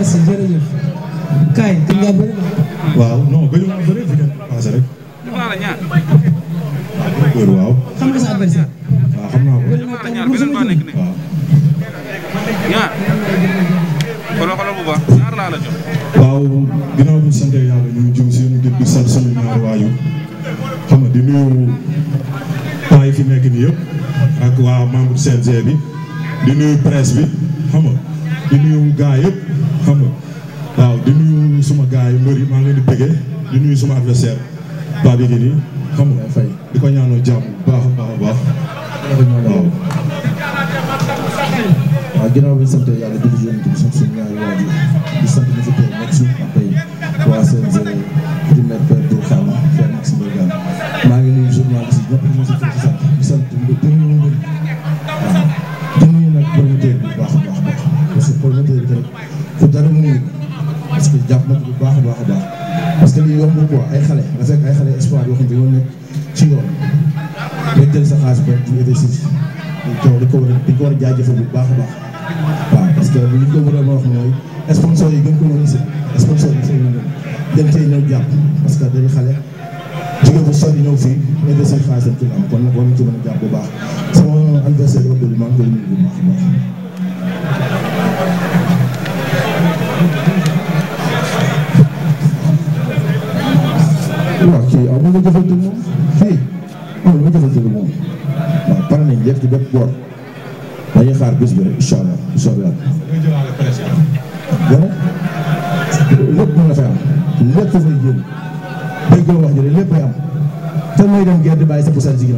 merci jërëjëf. Kaay gën ngaa bëri waaw non gëj naa bëri fi ngeen passé rek. waaw. xam bi ñu ngi jëm seen di sant suñu ñaari waajur xam nga di nuyu temps fi nekk nii yëpp ak waa membre CNG bi di nuyu presse bi xam di nuyu gaa yëpp xam nga waaw di nuyu suma gaa yi mbër maa ngi leen di bëggee di nuyu suma adversaire Pape Yékini xam nga fay di ko ñaanal jàmm bu baax a baax a baax. waaw. waaw di nuyu yéen di sant suñu ñaari waajur di sant ñu fi teew nekk si ak tey parce que bi wax nga quoi ay xale parce que ay xale espoir yoo xam nekk ci yoon day jël sa xaalis ba ñu investir coow dañ ko bu baax baax waaw parce que bi ñu ko war a wax mooy sponsor yi gën ko mën a gis sponsor yi jàpp parce que dañuy xale jigéen bu sori ñëw fii investir xaalis ci war mën a jàpp bu baax sama adversaire bi maa ngi koy nuyu a Oh, ma jëfandikoo moom fii amul ma jëfandikoo moom waaw pare nañ def ci bépp boor dañuy xaar bés bi rek a lépp mën na wax ji lépp am te muy dem gerte bàyyi sa pusaar ci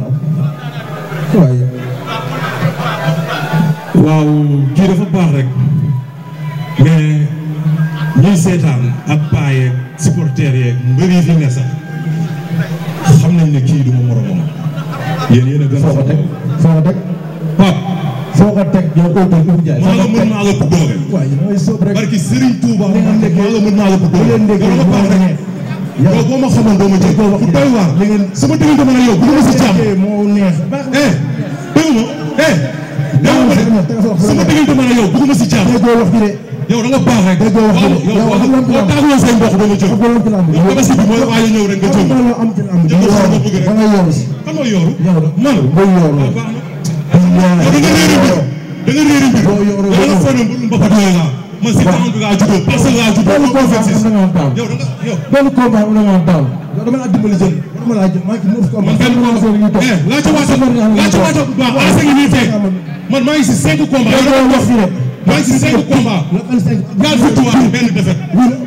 waaw kii dafa baax rek mais ñuy seetaan ak paa yeeg supporters yeeg mbër yi fi sax. nañ ne kii du ma moromam. yéen yéen a gën a foo ko teg foo ko teg. Pape foo ko teg yow Oudou Oudou Ndiaye. maa nga mën maa la ko doole. waaye mooy soob rek. parce que Serigne Touba maa nga mën maa la ko doole. bu leen déggee yow boo ma xamoon doo ma jël ku doy waar sama dégg dama ne yow bu ma si jàmm moo neex eh dégg ma eh dégg ma eh. sama dégg dama ne yow bu ma si jàmm yow da nga baax rek. yow wax nga boo tàggoo say mbokk doo ko jëm. yow tamit si bi mooy waaye ñëw rek nga jëm. yow sa bopp rek yow yow si. xam nga yoru. man boo yoru. Ah, da nga réer mbir. da nga réer mbir. boo yoru da nga foog ne mbirum boppam yooyu laa. man si taxaw bi laa juddoo parce que laa juddoo. yow benn combat am na nga daaw. yow dama laa dimbali jël. dama laa jël maa ngi neuf combat. man benn combat eh laa ca waata laa ca waata bu baax. man maa ngi si cinq combat. yow da nga wax fii rek maa ngi si cinq combats. ñaar victoire benn défaite.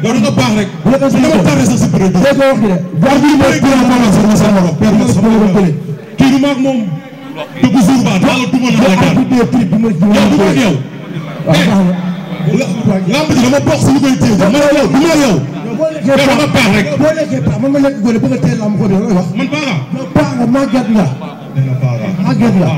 yow da nga baax rek. dama tardé sax si période bi. dégg nga wax dëgg. kii du maag moom. dëgg jour ba daal du ma la rek daal. yow du ma ak yow. Ah, eh, lamb ji dama bokk si lu koy téye. ma yow du ma yow. yow da nga baax rek. boo lekkee paa man nga lekk góor ba nga teel lamb ko de wax. man baax nga. baax nga màggat nga. màggat nga.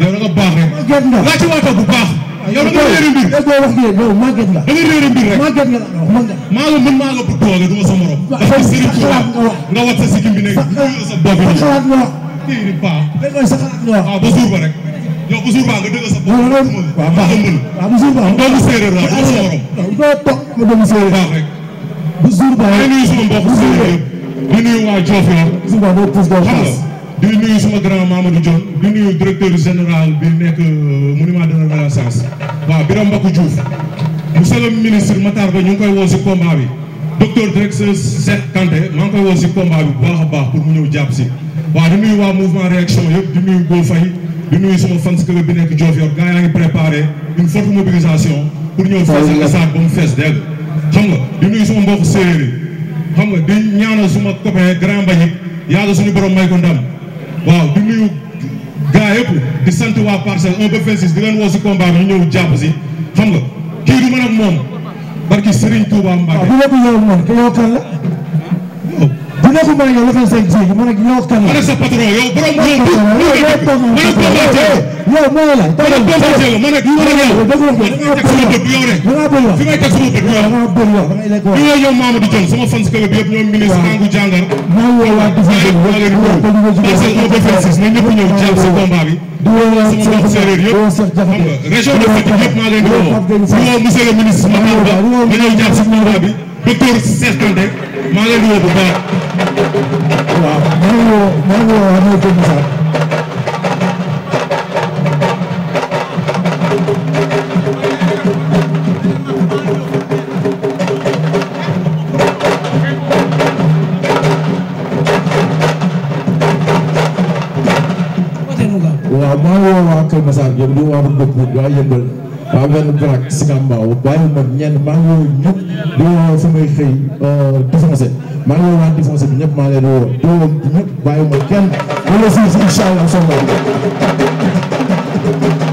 yow da nga baax rek. màggat nga. laa ci waatoo bu baax. yow da nga réer mbir. est-ce que wax nga yow màgget nga. da nga réer mbir rek màgget nga man de. maa la mën maa la bëgg tooge du ma sa morom. waaw sa xalaat nga wax nga wat sa sikkim bi nekk sa bopp bi. sa xalaat nga wax. kii di baax. léegi mooy sa xalaat nga wax. waaw ba suur ba rek. yow ba suur ba nga dëgg sa bopp. waaw waaw baax waaw ba suur ba. doomu séeréer la du ma sa morom. doo toog ma doomu séeréer. baax rek. bu suur ba rek ma nuyu suma mbokk séeréer yëpp. ma nuyu waa Diofior. bu suur ba boo puus doo paas. di nuyu sama grand Mamadou Dione di nuyu directeur général bi nekk euh, monument de la Renaissance waaw Birame Mbacké Diouf monsieur le ministre Matar Ba ñu ngi koy woo si combat bi docteur directeur Cheikh Kanté maa ngi koy woo si combat bi baax a baax pour mu ñëw jàpp si waaw di nuyu waa mouvement réaction yëpp di nuyu Go Faye di nuyu sama fans club bi nekk Diofior gars yaa ngi préparé une forte mobilisation pour ñëw fees stade ba mu fees dégg xam nga di nga di ñaanal suma copain grand Mbagnick suñu borom may ko waaw di nuyu gaa yëpp di sant waa parcelle un ba di leen woo si combat bi ñu ñëw jàpp si xam nga kii moom barki Serigne Touba Mbacke. waaw bu nekkul yow man te yow kan la. bu nekkul man ak yow la kan sëñ bi man ak yow kan la. man ak sa patron yow borom. yow yow yow yow yow yow yow yow mooy la. dëgg la dëgg la dëgg la dëgg la fi may teg sama bët yow rek. yow yow yow Mamadou Dione sama fan si club yëpp ñoom ministre Nangu Jangar. maa ngi woowaat di fi jël maa ñëpp ñëw jàpp si combat bi. di woowaat sama mbokk séeréer yëpp xam nga région de Fatick yëpp maa ngi leen di woo. di woo monsieur le ministre Mamadou Ba ma ñëw jàpp si combat bi docteur Cheikh Kanté maa ngi leen di woo bu baax. waaw maa ngi woo maa ngi woo maa ngi woo waa Kër Massar Diop di waa Ndoukoum waa Yëmbal waa benn Brac Sicap Mbao bàyyi ma ñenn maa ngi woo ñëpp di woo fu may xëy euh, défoncé maa ngi woo waa défoncé bi ñëpp maa leen woo di woo ñëpp bàyyi ma kenn wala si incha allah